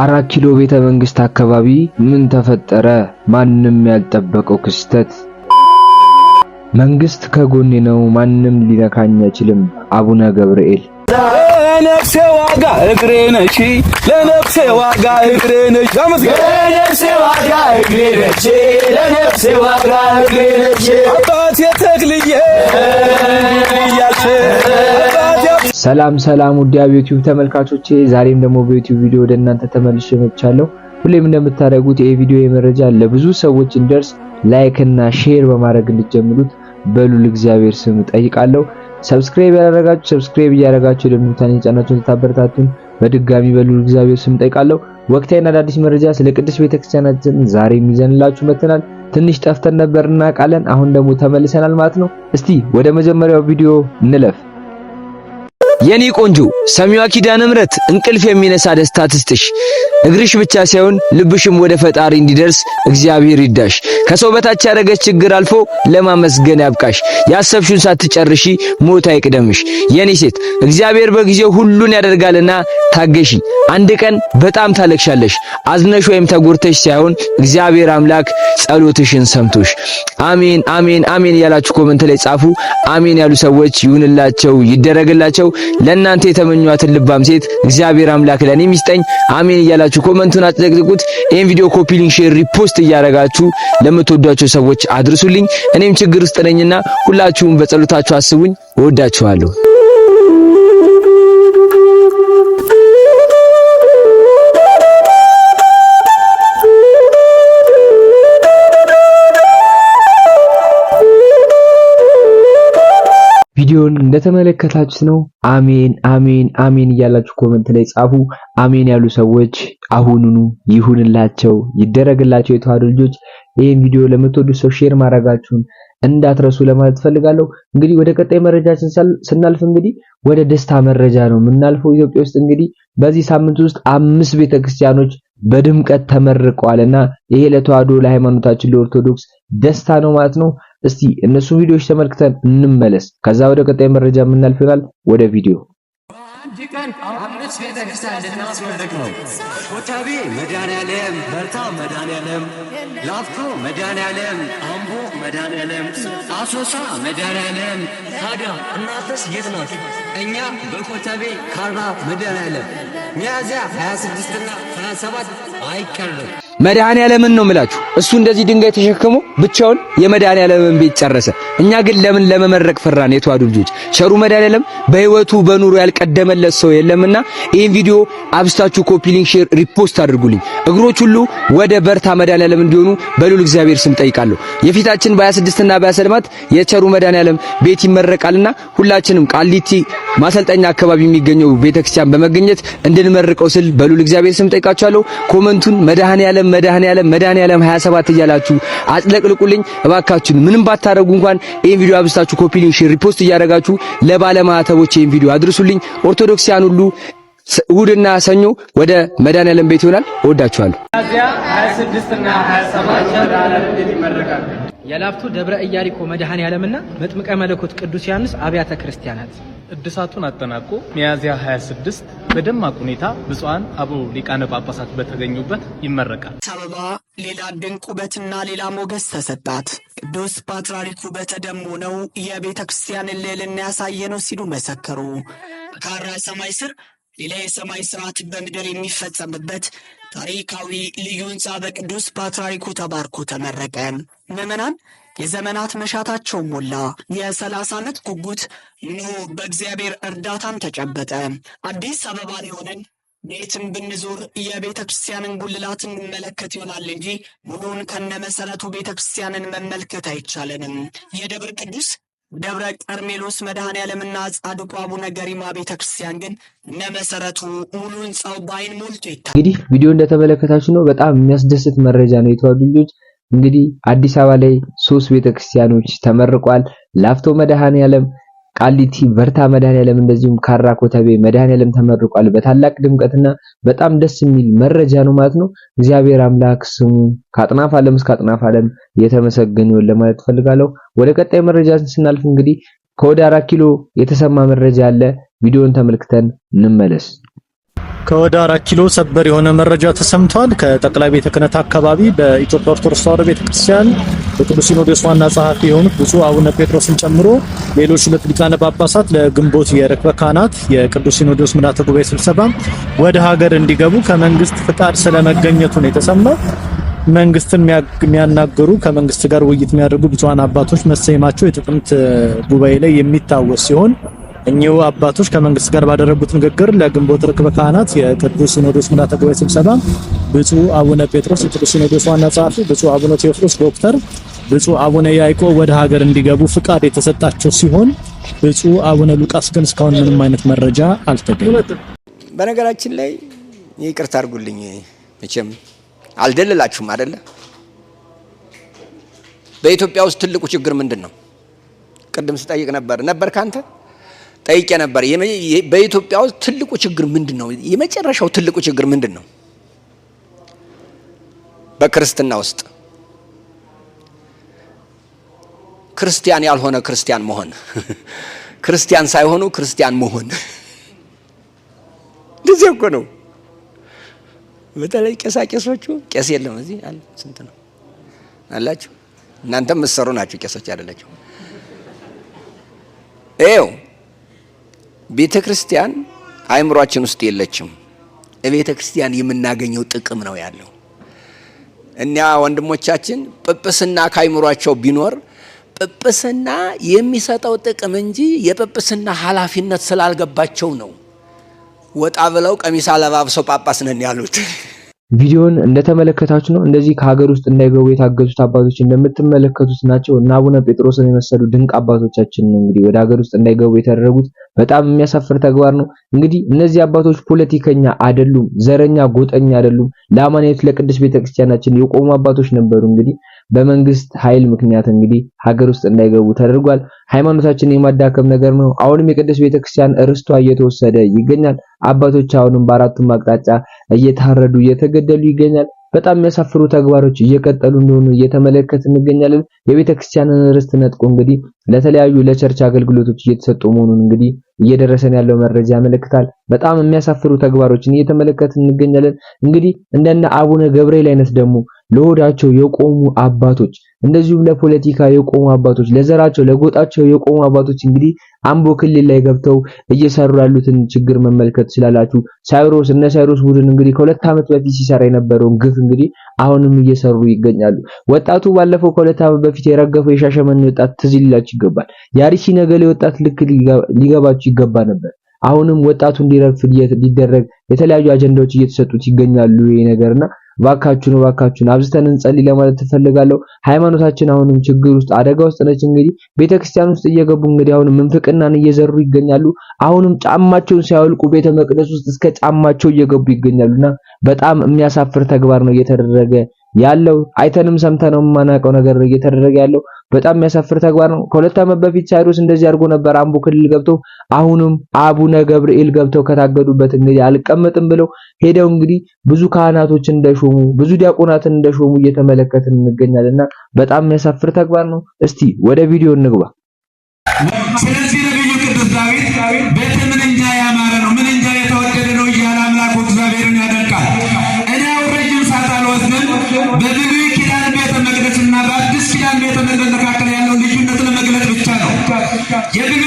አራት ኪሎ ቤተ መንግስት አካባቢ ምን ተፈጠረ? ማንም ያልጠበቀው ክስተት። መንግስት ከጎኔ ነው፣ ማንም ሊነካኝ አይችልም። አቡነ ገብርኤል ለነፍሴ ዋጋ እግሬ ለነፍሴ ዋጋ እግሬ ለነፍሴ ዋጋ እግሬ ለነፍሴ ዋጋ እግሬ አባቴ ተክልዬ እያልሽ ሰላም ሰላም ውዲያ ዩቲዩብ ተመልካቾቼ፣ ዛሬም ደግሞ በዩቲዩብ ቪዲዮ ወደ እናንተ ተመልሼ መጥቻለሁ። ሁሌም እንደምታደርጉት ይሄ ቪዲዮ የመረጃ ለብዙ ሰዎች እንደርስ ላይክ እና ሼር በማድረግ እንድትጀምሩት በሉል እግዚአብሔር ስም ጠይቃለሁ። ሰብስክራይብ ያደረጋችሁ ሰብስክራይብ እያደረጋችሁ ደግሞ ታኒ ጫናችሁን በድጋሚ በሉል እግዚአብሔር ስም ጠይቃለሁ። ወቅታዊና አዳዲስ መረጃ ስለ ቅዱስ ቤተክርስቲያናችን ዛሬም ይዘንላችሁ መጥተናል። ትንሽ ጠፍተን ነበር እናውቃለን። አሁን ደግሞ ተመልሰናል ማለት ነው። እስቲ ወደ መጀመሪያው ቪዲዮ እንለፍ። የኔ ቆንጆ ሰሚዋ ኪዳነ ምሕረት እንቅልፍ የሚነሳ ደስታ ትስጥሽ። እግርሽ ብቻ ሳይሆን ልብሽም ወደ ፈጣሪ እንዲደርስ እግዚአብሔር ይዳሽ ከሰው በታች ያደረገች ችግር አልፎ ለማመስገን ያብቃሽ። ያሰብሽውን ሳትጨርሺ ሞት አይቅደምሽ። የኔ ሴት እግዚአብሔር በጊዜው ሁሉን ያደርጋልና ታገሺ። አንድ ቀን በጣም ታለቅሻለሽ። አዝነሽ ወይም ተጎርተሽ ሳይሆን እግዚአብሔር አምላክ ጸሎትሽን ሰምቶሽ። አሜን አሜን አሜን ያላችሁ ኮመንት ላይ ጻፉ። አሜን ያሉ ሰዎች ይሁንላቸው፣ ይደረግላቸው። ለእናንተ የተመኟትን ልባም ሴት እግዚአብሔር አምላክ ለኔ ሚስጠኝ አሜን እያላችሁ ኮመንቱን አጥለቅልቁት። ይህን ቪዲዮ ኮፒ ሊንክ፣ ሼር፣ ሪፖስት እያረጋችሁ ለምትወዷቸው ሰዎች አድርሱልኝ። እኔም ችግር ውስጥ ነኝና ሁላችሁም በጸሎታችሁ አስቡኝ። እወዳችኋለሁ። ቪዲዮን እንደተመለከታችሁ ነው። አሜን አሜን አሜን እያላችሁ ኮመንት ላይ ጻፉ። አሜን ያሉ ሰዎች አሁኑኑ ይሁንላቸው፣ ይደረግላቸው። የተዋሕዶ ልጆች ይህን ቪዲዮ ለምትወዱ ሰው ሼር ማድረጋችሁን እንዳትረሱ ለማለት ፈልጋለሁ። እንግዲህ ወደ ቀጣይ መረጃችን ስናልፍ እንግዲህ ወደ ደስታ መረጃ ነው የምናልፈው። ኢትዮጵያ ውስጥ እንግዲህ በዚህ ሳምንት ውስጥ አምስት ቤተክርስቲያኖች በድምቀት እና ይሄ ለተዋዶ ለሃይማኖታችን ለኦርቶዶክስ ደስታ ነው ማለት ነው። እስቲ እነሱ ቪዲዮዎች ተመልክተን እንመለስ። ከዛ ወደ ቀጣይ መረጃ የምናልፍ ይሆናል። ወደ ቪዲዮ ቀን አምስት ቤተክርስቲያን ልናስመረቅ ነው። ኮተቤ መድኃኔዓለም፣ በርታ መድኃኔዓለም፣ ላፍቶ መድኃኔዓለም፣ አምቦ መድኃኔዓለም፣ አሶሳ መድኃኔዓለም። ታዲያ እናንተስ የት ናችሁ? እኛ በኮተቤ ካራ መድኃኔዓለም ሚያዝያ 26ና 27 አይቀርም። መድኃኔዓለምን ነው ምላችሁ እሱ እንደዚህ ድንጋይ ተሸክሞ ብቻውን የመድኃኔዓለምን ቤት ጨረሰ። እኛ ግን ለምን ለመመረቅ ፈራን? የተዋዱ ልጆች ቸሩ መድኃኔዓለም በህይወቱ በኑሮ ያልቀደመለት ሰው የለምና ይህን ቪዲዮ አብስታችሁ ኮፒ፣ ሊንክ፣ ሼር፣ ሪፖስት አድርጉልኝ። እግሮች ሁሉ ወደ በርታ መድኃኔዓለም እንዲሆኑ በሉል እግዚአብሔር ስም ጠይቃለሁ። የፊታችን በ26 እና በ27 የቸሩ መድኃኔዓለም ቤት ይመረቃልና ሁላችንም ቃሊቲ ማሰልጠኛ አካባቢ የሚገኘው ቤተክርስቲያን በመገኘት እንድንመርቀው ስል በሉል እግዚአብሔር ስም ጠይቃችኋለሁ። ኮመንቱን መድኃኔዓለም ዓለም ዓለም መድኃኒዓለም ዓለም 27 እያላችሁ አጥለቅልቁልኝ እባካችሁ። ምንም ባታረጉ እንኳን ይህን ቪዲዮ አብስታችሁ ኮፒ ሊንክ፣ ሼር፣ ሪፖስት እያደረጋችሁ ለባለማዕተቦች ይህን ቪዲዮ አድርሱልኝ። ኦርቶዶክሲያን ሁሉ እሁድና ሰኞ ወደ መድኃኔዓለም ቤት ይሆናል። እወዳችኋለሁ። ሚያዝያ 26 እና 27 መድኃኔዓለም ቤት ይመረቃል። የላፍቶ ደብረ ኢያሪኮ መድኃኔዓለምና መጥምቀ መለኮት ቅዱስ ዮሐንስ አብያተ ክርስቲያናት እድሳቱን አጠናቆ ሚያዝያ 26 በደማቅ ሁኔታ ብፁዓን አበው ሊቃነ ጳጳሳት በተገኙበት ይመረቃል። አበባ ሌላ ድንቅ ውበትና ሌላ ሞገስ ተሰጣት። ቅዱስ ፓትርያርኩ በተደሞ ነው የቤተ ክርስቲያንን ልዕልና ያሳየ ነው ሲሉ መሰከሩ። ካራ ሰማይ ስር ሌላ የሰማይ ስርዓት በምድር የሚፈጸምበት ታሪካዊ ልዩ ህንፃ በቅዱስ ፓትርያርኩ ተባርኮ ተመረቀ። ምዕመናን የዘመናት መሻታቸው ሞላ። የሰላሳ ዓመት ጉጉት እንሆ በእግዚአብሔር እርዳታም ተጨበጠ። አዲስ አበባ ሊሆንን ቤትም ብንዞር የቤተ ክርስቲያንን ጉልላት እንመለከት ይሆናል እንጂ ሙሉውን ከነመሰረቱ ቤተ ክርስቲያንን መመልከት አይቻለንም። የደብር ቅዱስ ደብረ ቀርሜሎስ መድኃኔ ዓለምና ጻድቁ አቡነ ገሪማ ቤተ ክርስቲያን ግን ነመሰረቱ ሙሉን ጸው ባይን ሞልቶ ይታያል። እንግዲህ ቪዲዮ እንደተመለከታችሁ ነው። በጣም የሚያስደስት መረጃ ነው። የተዋዱ ልጆች እንግዲህ አዲስ አበባ ላይ ሶስት ቤተ ክርስቲያኖች ተመርቋል። ላፍቶ መድኃኔ ዓለም ቃሊቲ በርታ መድኃኔዓለም እንደዚሁም ካራ ኮተቤ መድኃኔዓለም ተመርቋል። በታላቅ ድምቀትና በጣም ደስ የሚል መረጃ ነው ማለት ነው። እግዚአብሔር አምላክ ስሙ ከአጥናፍ ዓለም እስከ አጥናፍ ዓለም የተመሰገነ ይሁን ለማለት ፈልጋለሁ። ወደ ቀጣይ መረጃ ስናልፍ እንግዲህ ከወደ አራት ኪሎ የተሰማ መረጃ አለ። ቪዲዮን ተመልክተን እንመለስ። ከወደ አራት ኪሎ ሰበር የሆነ መረጃ ተሰምቷል። ከጠቅላይ ቤተ ክህነት አካባቢ በኢትዮጵያ ኦርቶዶክስ ተዋሕዶ ቤተክርስቲያን የቅዱስ ሲኖዶስ ዋና ጸሐፊ የሆኑት ብፁዕ አቡነ ጴጥሮስን ጨምሮ ሌሎች ሁለት ሊቃነ ጳጳሳት ለግንቦት የርክበ ካህናት የቅዱስ ሲኖዶስ ምልዓተ ጉባኤ ስብሰባ ወደ ሀገር እንዲገቡ ከመንግስት ፍቃድ ስለመገኘቱ ነው የተሰማው። መንግስትን የሚያናገሩ ከመንግስት ጋር ውይይት የሚያደርጉ ብፁዓን አባቶች መሰየማቸው የጥቅምት ጉባኤ ላይ የሚታወስ ሲሆን እኚሁ አባቶች ከመንግስት ጋር ባደረጉት ንግግር ለግንቦት ርክበ ካህናት የቅዱስ ሲኖዶስ ምልዓተ ጉባኤ ስብሰባ ብፁዕ አቡነ ጴጥሮስ የቅዱስ ሲኖዶስ ዋና ጸሐፊ፣ ብፁዕ አቡነ ቴዎፍሎስ ዶክተር፣ ብፁዕ አቡነ ያይቆ ወደ ሀገር እንዲገቡ ፍቃድ የተሰጣቸው ሲሆን ብፁዕ አቡነ ሉቃስ ግን እስካሁን ምንም አይነት መረጃ አልተገኘም። በነገራችን ላይ ይቅርታ አድርጉልኝ፣ መቼም አልደለላችሁም አይደለ? በኢትዮጵያ ውስጥ ትልቁ ችግር ምንድን ነው? ቅድም ስጠይቅ ነበር ነበር ካንተ ጠይቄ ነበር። በኢትዮጵያ ውስጥ ትልቁ ችግር ምንድን ነው? የመጨረሻው ትልቁ ችግር ምንድን ነው? በክርስትና ውስጥ ክርስቲያን ያልሆነ ክርስቲያን መሆን፣ ክርስቲያን ሳይሆኑ ክርስቲያን መሆን፣ እንደዚህ እኮ ነው። በተለይ ቄሳ ቄሶቹ ቄስ የለም እዚህ አለ። ስንት ነው አላችሁ? እናንተም ምሰሩ ናችሁ ቄሶች አይደላችሁ? ይኸው ቤተ ክርስቲያን አእምሯችን ውስጥ የለችም። ቤተ ክርስቲያን የምናገኘው ጥቅም ነው ያለው። እኛ ወንድሞቻችን ጵጵስና ከአእምሯቸው ቢኖር ጵጵስና የሚሰጠው ጥቅም እንጂ የጵጵስና ኃላፊነት ስላልገባቸው ነው። ወጣ ብለው ቀሚስ አለባብሰው ጳጳስ ነን ያሉት። ቪዲዮን እንደተመለከታችሁ ነው። እንደዚህ ከሀገር ውስጥ እንዳይገቡ የታገዙት አባቶች እንደምትመለከቱት ናቸው እና አቡነ ጴጥሮስን የመሰሉ ድንቅ አባቶቻችን እንግዲህ ወደ ሀገር ውስጥ እንዳይገቡ የተደረጉት በጣም የሚያሳፍር ተግባር ነው። እንግዲህ እነዚህ አባቶች ፖለቲከኛ አይደሉም፣ ዘረኛ ጎጠኛ አይደሉም። ለአማናዊት ለቅድስት ቤተክርስቲያናችን የቆሙ አባቶች ነበሩ እንግዲህ በመንግስት ኃይል ምክንያት እንግዲህ ሀገር ውስጥ እንዳይገቡ ተደርጓል። ሃይማኖታችን የማዳከም ነገር ነው። አሁንም የቅዱስ ቤተክርስቲያን እርስቷ እየተወሰደ ይገኛል። አባቶች አሁንም በአራቱም አቅጣጫ እየታረዱ እየተገደሉ ይገኛል። በጣም የሚያሳፍሩ ተግባሮች እየቀጠሉ እንደሆኑ እየተመለከት እንገኛለን። የቤተክርስቲያንን ርስት ነጥቆ እንግዲህ ለተለያዩ ለቸርች አገልግሎቶች እየተሰጡ መሆኑን እንግዲህ እየደረሰን ያለው መረጃ ያመለክታል። በጣም የሚያሳፍሩ ተግባሮችን እየተመለከት እንገኛለን። እንግዲህ እንደነ አቡነ ገብርኤል አይነት ደግሞ ለሆዳቸው የቆሙ አባቶች እንደዚሁም ለፖለቲካ የቆሙ አባቶች፣ ለዘራቸው ለጎጣቸው የቆሙ አባቶች እንግዲህ አምቦ ክልል ላይ ገብተው እየሰሩ ያሉትን ችግር መመልከት ስላላችሁ ሳይሮስ እነ ሳይሮስ ቡድን እንግዲህ ከሁለት ዓመት በፊት ሲሰራ የነበረውን ግፍ እንግዲህ አሁንም እየሰሩ ይገኛሉ። ወጣቱ ባለፈው ከሁለት ዓመት በፊት የረገፈው የሻሸመኔ ወጣት ትዝ ሊላችሁ ይገባል። የአርሲ ነገሌ ወጣት ልክ ሊገባችሁ ይገባ ነበር። አሁንም ወጣቱ እንዲረግፍ ሊደረግ የተለያዩ አጀንዳዎች እየተሰጡት ይገኛሉ። ይሄ ነገርና ባካችሁን ባካችሁን አብዝተን እንጸልይ ለማለት ትፈልጋለሁ። ሃይማኖታችን አሁንም ችግር ውስጥ አደጋ ውስጥ ነች። እንግዲህ ቤተክርስቲያን ውስጥ እየገቡ እንግዲህ አሁንም ምንፍቅናን እየዘሩ ይገኛሉ። አሁንም ጫማቸውን ሲያወልቁ ቤተ መቅደስ ውስጥ እስከ ጫማቸው እየገቡ ይገኛሉና በጣም የሚያሳፍር ተግባር ነው እየተደረገ ያለው አይተንም ሰምተነው የማናውቀው ነገር እየተደረገ ያለው በጣም የሚያሳፍር ተግባር ነው። ከሁለት ዓመት በፊት ሳይሮስ እንደዚህ አድርጎ ነበር አምቦ ክልል ገብተው አሁንም አቡነ ገብርኤል ገብተው ከታገዱበት እንግዲህ አልቀመጥም ብለው ሄደው እንግዲህ ብዙ ካህናቶች እንደሾሙ ብዙ ዲያቆናትን እንደሾሙ እየተመለከትን እንገኛለን እና በጣም የሚያሳፍር ተግባር ነው። እስቲ ወደ ቪዲዮ እንግባ። ስለዚህ ነብዩ ቅዱስ ዳዊት Yeah.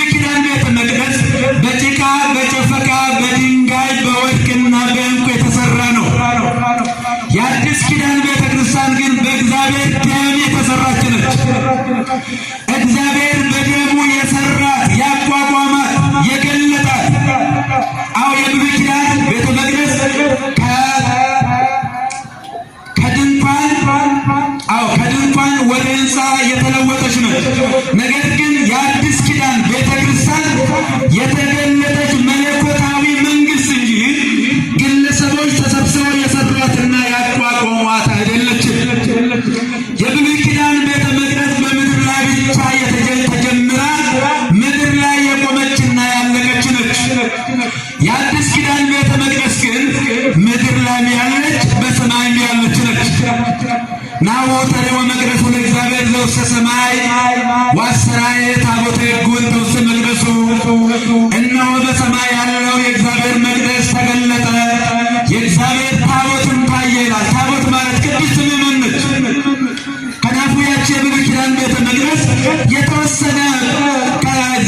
እስራኤል ታቦተ ሕጉን ልብስ መልበሱ እነሆ በሰማይ ያለው የእግዚአብሔር መቅደስ ተገለጠ፣ የእግዚአብሔር ታቦትም ታየ ይላል። ታቦት ማለት ቅድስት ምእመን ነች። ከናፉ ያቺ የብሉይ ኪዳን ቤተ መቅደስ የተወሰነ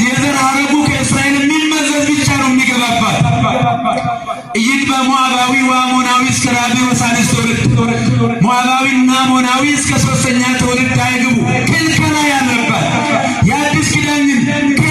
የዘር ሐረጉ ከእስራኤል የሚመዘዝ ብቻ ነው የሚገባባት። ይህ በሞዓባዊ ወአሞናዊ እስከ ራቢ ወሳሊስ ሞዓባዊና አሞናዊ እስከ ሶስተኛ ትውልድ አይግቡ ክልከላ ያለ eskilerinin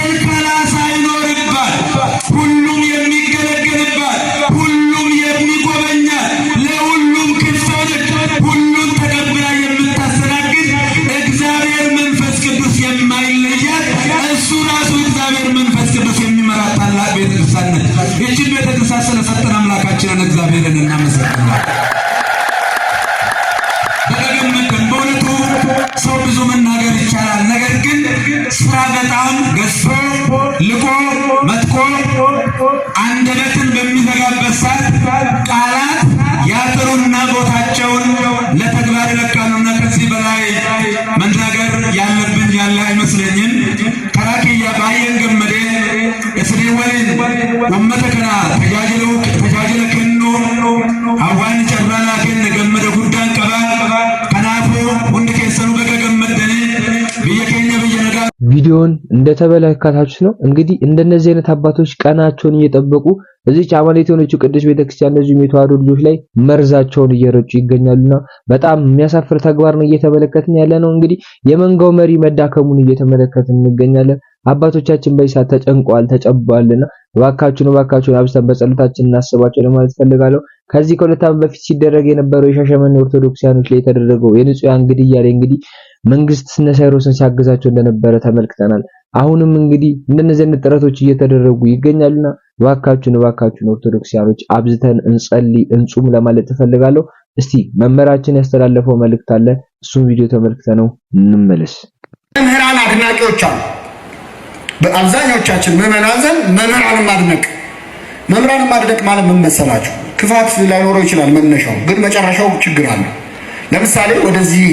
ገመተ ከራ ተጃጅለው አዋን ጨራና ገመደ ጉዳን ቀባ ቪዲዮን እንደተመለከታችሁ ነው። እንግዲህ እንደነዚህ አይነት አባቶች ቀናቸውን እየጠበቁ እዚች አማሌት የሆነችው ቅድስት ቤተክርስቲያን እንደዚሁም የተዋሕዶ ልጆች ላይ መርዛቸውን እየረጩ ይገኛሉና በጣም የሚያሳፍር ተግባር ነው እየተመለከትን ያለ ነው። እንግዲህ የመንጋው መሪ መዳከሙን እየተመለከትን እንገኛለን። አባቶቻችን በዚህ ሰዓት ተጨንቀዋል ተጨቧልና፣ እባካችሁን እባካችሁን አብዝተን በጸሎታችን እናስባቸው ለማለት ፈልጋለሁ። ከዚህ ከሁለት ዓመት በፊት ሲደረግ የነበረው የሻሸመኔ ኦርቶዶክሳውያን ላይ የተደረገው የንጹሃን ግድያ ላይ እንግዲህ መንግስት እነ ሳይሮስን ሲያግዛቸው እንደነበረ ተመልክተናል። አሁንም እንግዲህ እንደነዚህ አይነት ጥረቶች እየተደረጉ ይገኛሉና እባካችሁን እባካችሁን ኦርቶዶክሳውያን አብዝተን እንጸልይ እንጹም ለማለት እፈልጋለሁ። እስቲ መምህራችን ያስተላለፈው መልእክት አለ፣ እሱም ቪዲዮ ተመልክተ ነው እንመለስ። መምህራን አድናቂዎች አሉ በአብዛኞቻችን ምዕመናን ዘንድ መምህራን ማድነቅ መምህራን ማድነቅ ማለት ምን መሰላችሁ? ክፋት ላይኖረው ይችላል መነሻው፣ ግን መጨረሻው ችግር አለ። ለምሳሌ ወደዚህ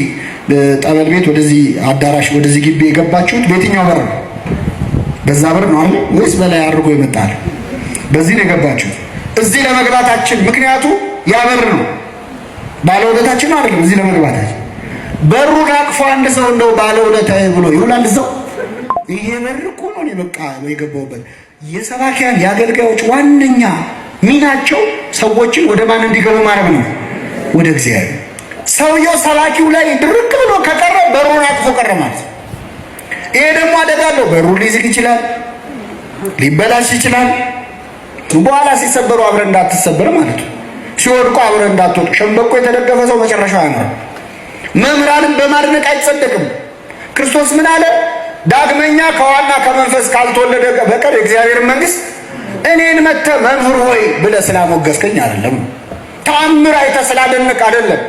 ጠበል ቤት፣ ወደዚህ አዳራሽ፣ ወደዚህ ግቢ የገባችሁት በየትኛው በር ነው? በዛ በር ነው አይደል? ወይስ በላይ አድርጎ ይመጣል? በዚህ ነው የገባችሁት። እዚህ ለመግባታችን ምክንያቱ ያ በር ነው። ባለውለታችን አይደለም? እዚህ ለመግባታችን በሩን አቅፎ አንድ ሰው እንደው ባለውለታዬ ብሎ ይውላል እዛው ይሄ በር እኮ በቃ የገባውበት የሰባኪያን የአገልጋዮች ዋነኛ ሚናቸው ሰዎችን ወደ ማን እንዲገቡ ማረብ ነው፣ ወደ እግዚአብሔር። ሰውየው ሰባኪው ላይ ድርቅ ብሎ ከቀረ በሩን አጥፎ ቀረ ማለት ነው። ይሄ ደግሞ አደጋ አለው። በሩ ሊዝግ ይችላል፣ ሊበላሽ ይችላል። በኋላ ሲሰበሩ አብረ እንዳትሰበር ማለት ነው። ሲወድቁ አብረ እንዳትወጡ። ሸምበቆ የተደገፈ ሰው መጨረሻው ነው። መምህራንም በማድነቅ አይጸደቅም። ክርስቶስ ምን አለ? ዳግመኛ ከዋና ከመንፈስ ካልተወለደ በቀር የእግዚአብሔር መንግስት እኔን መተ መምህር ሆይ ብለ ስላሞገስከኝ አይደለም። ተአምር አይተ ስላደነቅ አይደለም።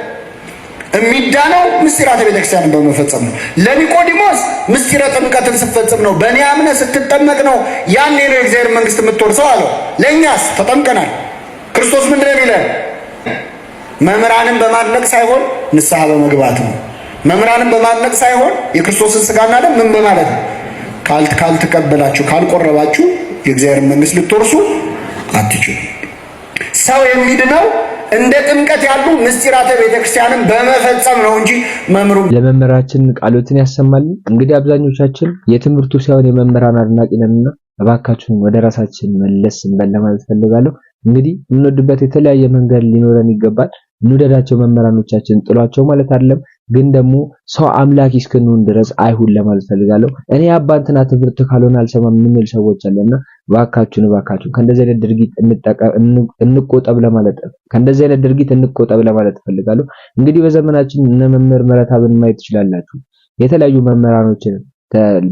የሚዳነው ምስጢራተ ቤተክርስቲያንን በመፈጸም ነው። ለኒቆዲሞስ ምስጢረ ጥምቀትን ስትፈጽም ነው። በእኔ አምነህ ስትጠመቅ ነው። ያኔ ነው የእግዚአብሔር መንግስት የምትወርሰው አለው። ለእኛስ ተጠምቀናል። ክርስቶስ ምንድን ነው ይለን? መምህራንን በማድነቅ ሳይሆን ንስሐ በመግባት ነው። መምህራንን በማድነቅ ሳይሆን የክርስቶስን ስጋና ደም ምን በማለት ነው ካልተቀበላችሁ ካልቆረባችሁ የእግዚአብሔር መንግስት ልትወርሱ አትችሉ። ሰው የሚድነው እንደ ጥምቀት ያሉ ምስጢራተ ቤተክርስቲያንን በመፈጸም ነው እንጂ መምሩ ለመምህራችን ቃሎትን ያሰማል። እንግዲህ አብዛኞቻችን የትምህርቱ ሳይሆን የመምህራን አድናቂ ነንና እባካችሁን ወደ ራሳችን መለስ እንበል ለማለት ፈልጋለሁ። እንግዲህ የምንወድበት የተለያየ መንገድ ሊኖረን ይገባል። እንውደዳቸው መምህራኖቻችን ጥሏቸው ማለት አይደለም። ግን ደግሞ ሰው አምላክ እስክንሆን ድረስ አይሁን ለማለት ፈልጋለሁ። እኔ አባ እንትና ትምህርት ካልሆነ አልሰማም የምንል ሰዎች አለና እባካችሁን እባካችሁን ከእንደዚህ አይነት ድርጊት እንቆጠብ ለማለት ከእንደዚህ አይነት ድርጊት እንቆጠብ ለማለት ፈልጋለሁ። እንግዲህ በዘመናችን እነ መምህር ምህረተአብን ማየት ትችላላችሁ። የተለያዩ መምህራኖችን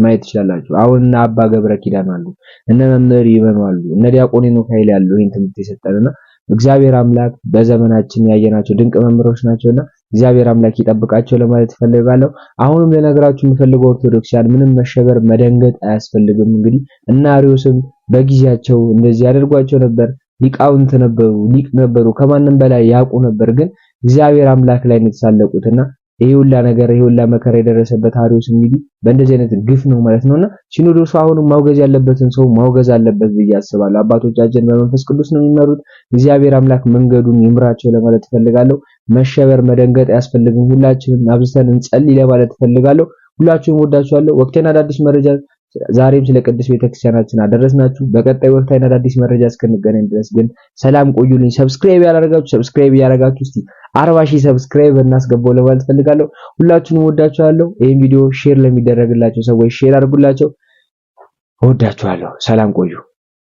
ማየት ትችላላችሁ። አሁን እነ አባ ገብረ ኪዳን አሉ፣ እነ መምህር ይመኑ አሉ፣ እነ ዲያቆን ሄኖክ ኃይሌ ያሉ ይህን ትምህርት የሰጠንና እግዚአብሔር አምላክ በዘመናችን ያየናቸው ድንቅ መምህሮች ናቸውና እግዚአብሔር አምላክ ይጠብቃቸው ለማለት ፈልጋለሁ። አሁንም ለነገራችሁ የምፈልገው ኦርቶዶክሳን ምንም መሸበር መደንገጥ አያስፈልግም። እንግዲህ እና አርዮስም በጊዜያቸው እንደዚህ ያደርጓቸው ነበር። ሊቃውንት ነበሩ፣ ሊቅ ነበሩ፣ ከማንም በላይ ያውቁ ነበር። ግን እግዚአብሔር አምላክ ላይ ነው የተሳለቁትና ይሄ ሁላ ነገር ይሄ ሁላ መከራ የደረሰበት አሪዎስ እንግዲህ በእንደዚህ አይነት ግፍ ነው ማለት ነውና ሲኖዶሱ አሁንም ማውገዝ ያለበትን ሰው ማውገዝ አለበት ብዬ አስባለሁ። አባቶቻችን በመንፈስ ቅዱስ ነው የሚመሩት። እግዚአብሔር አምላክ መንገዱን ይምራቸው ለማለት እፈልጋለሁ። መሸበር መደንገጥ አያስፈልግም። ሁላችንም አብዝተን እንጸልይ ለማለት እፈልጋለሁ። ሁላችሁም ወዳችኋለሁ። ወቅቴና አዳዲስ መረጃ ዛሬም ስለ ቅዱስ ቤተክርስቲያናችን አደረስናችሁ። በቀጣይ ወቅታዊና አዳዲስ መረጃ እስክንገናኝ ድረስ ግን ሰላም ቆዩልኝ። ሰብስክራይብ ያላረጋችሁ ሰብስክራይብ እያደረጋችሁ እስቲ 40 ሺህ ሰብስክራይብ እናስገባው ለማለት ፈልጋለሁ። ሁላችሁንም ወዳችኋለሁ። ይህን ቪዲዮ ሼር ለሚደረግላቸው ሰዎች ሼር አድርጉላቸው። ወዳችኋለሁ። ሰላም ቆዩ።